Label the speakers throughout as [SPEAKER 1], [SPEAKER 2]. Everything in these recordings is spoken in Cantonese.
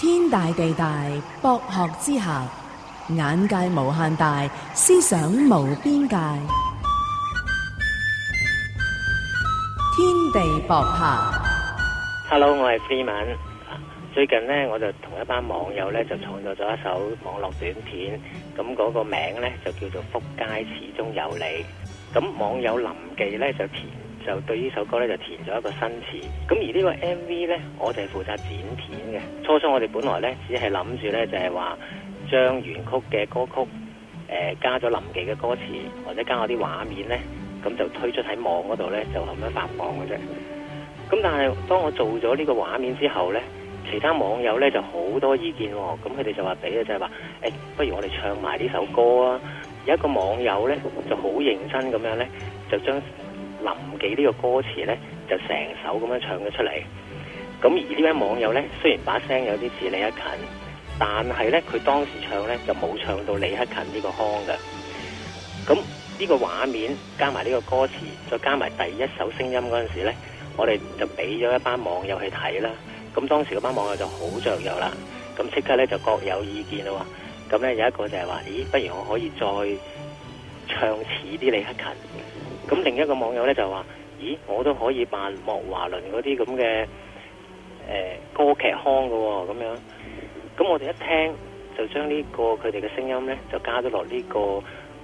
[SPEAKER 1] 天大地大，博學之下，眼界無限大，思想無邊界。天地博客，Hello，我係 Freeman。最近呢，我就同一班網友咧就創作咗一首網絡短片，咁、那、嗰個名咧就叫做《福佳始終有你》。咁網友林記咧就填。就對呢首歌咧，就填咗一個新詞。咁而呢個 MV 咧，我哋係負責剪片嘅。初初我哋本來咧，只係諗住咧，就係話將原曲嘅歌曲誒加咗林記嘅歌詞，或者加我啲畫面咧，咁就推出喺網嗰度咧，就咁樣發放嘅啫。咁但係當我做咗呢個畫面之後咧，其他網友咧就好多意見喎。咁佢哋就話俾啊，就係話誒，不如我哋唱埋呢首歌啊！有一個網友咧就好認真咁樣咧，就將。林忌呢個歌詞呢，就成首咁樣唱咗出嚟。咁而呢位網友呢，雖然把聲有啲似李克勤，但係呢，佢當時唱呢，就冇唱到李克勤呢個腔噶。咁、嗯、呢、呢個畫面加埋呢個歌詞，再加埋第一首聲音嗰陣時咧，我哋就俾咗一班網友去睇啦。咁、嗯、當時嗰班網友就好雀躍啦，咁、嗯、即刻呢，就各有意見咯。咁、嗯、呢、嗯，有一個就係話：，咦，不如我可以再唱似啲李克勤。咁另一個網友咧就話：，咦，我都可以扮莫華倫嗰啲咁嘅誒歌劇腔嘅喎、哦，咁樣。咁我哋一聽就將、這個、呢個佢哋嘅聲音咧，就加咗落呢個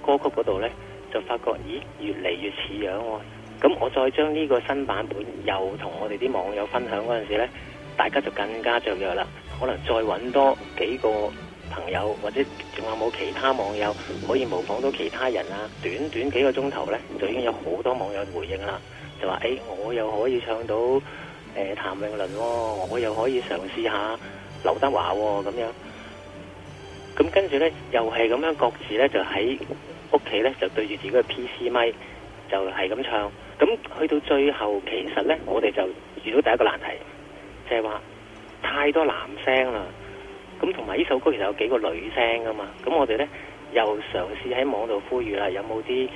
[SPEAKER 1] 歌曲嗰度咧，就發覺咦，越嚟越似樣喎。咁我再將呢個新版本又同我哋啲網友分享嗰陣時咧，大家就更加着藥啦。可能再揾多幾個。朋友或者仲有冇其他網友可以模仿到其他人啊？短短幾個鐘頭呢，就已經有好多網友回應啦，就話：，哎、欸，我又可以唱到誒、呃、譚詠麟喎，我又可以嘗試下劉德華喎，咁樣。咁、嗯、跟住呢，又係咁樣各自呢，就喺屋企呢，就對住自己嘅 P C 咪，就係咁唱。咁、嗯、去到最後，其實呢，我哋就遇到第一個難題，就係、是、話太多男聲啦。咁同埋呢首歌其實有幾個女聲噶嘛，咁我哋咧又嘗試喺網度呼籲啦，有冇啲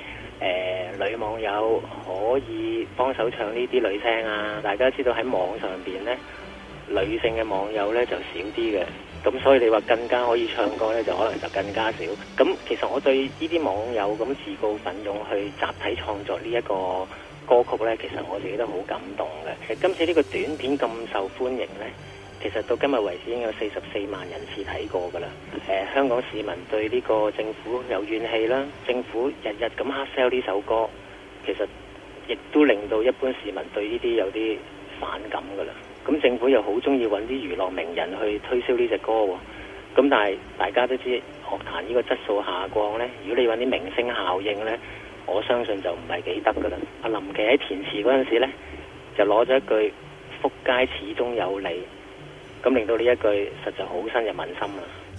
[SPEAKER 1] 誒女網友可以幫手唱呢啲女聲啊？大家知道喺網上邊咧，女性嘅網友咧就少啲嘅，咁所以你話更加可以唱歌咧，就可能就更加少。咁其實我對呢啲網友咁自告奮勇去集體創作呢一個歌曲咧，其實我自己都好感動嘅。其實今次呢個短片咁受歡迎咧。其實到今日為止已經有四十四萬人次睇過㗎啦。誒、呃，香港市民對呢個政府有怨氣啦，政府日日咁黑 sell 呢首歌，其實亦都令到一般市民對呢啲有啲反感㗎啦。咁、嗯、政府又好鍾意揾啲娛樂名人去推銷呢隻歌喎、哦。咁、嗯、但係大家都知樂壇呢個質素下降呢，如果你揾啲明星效應呢，我相信就唔係幾得㗎啦。阿林奇喺填詞嗰陣時呢，就攞咗一句福佳始終有你。咁令到呢一句，實在好深入民心啊！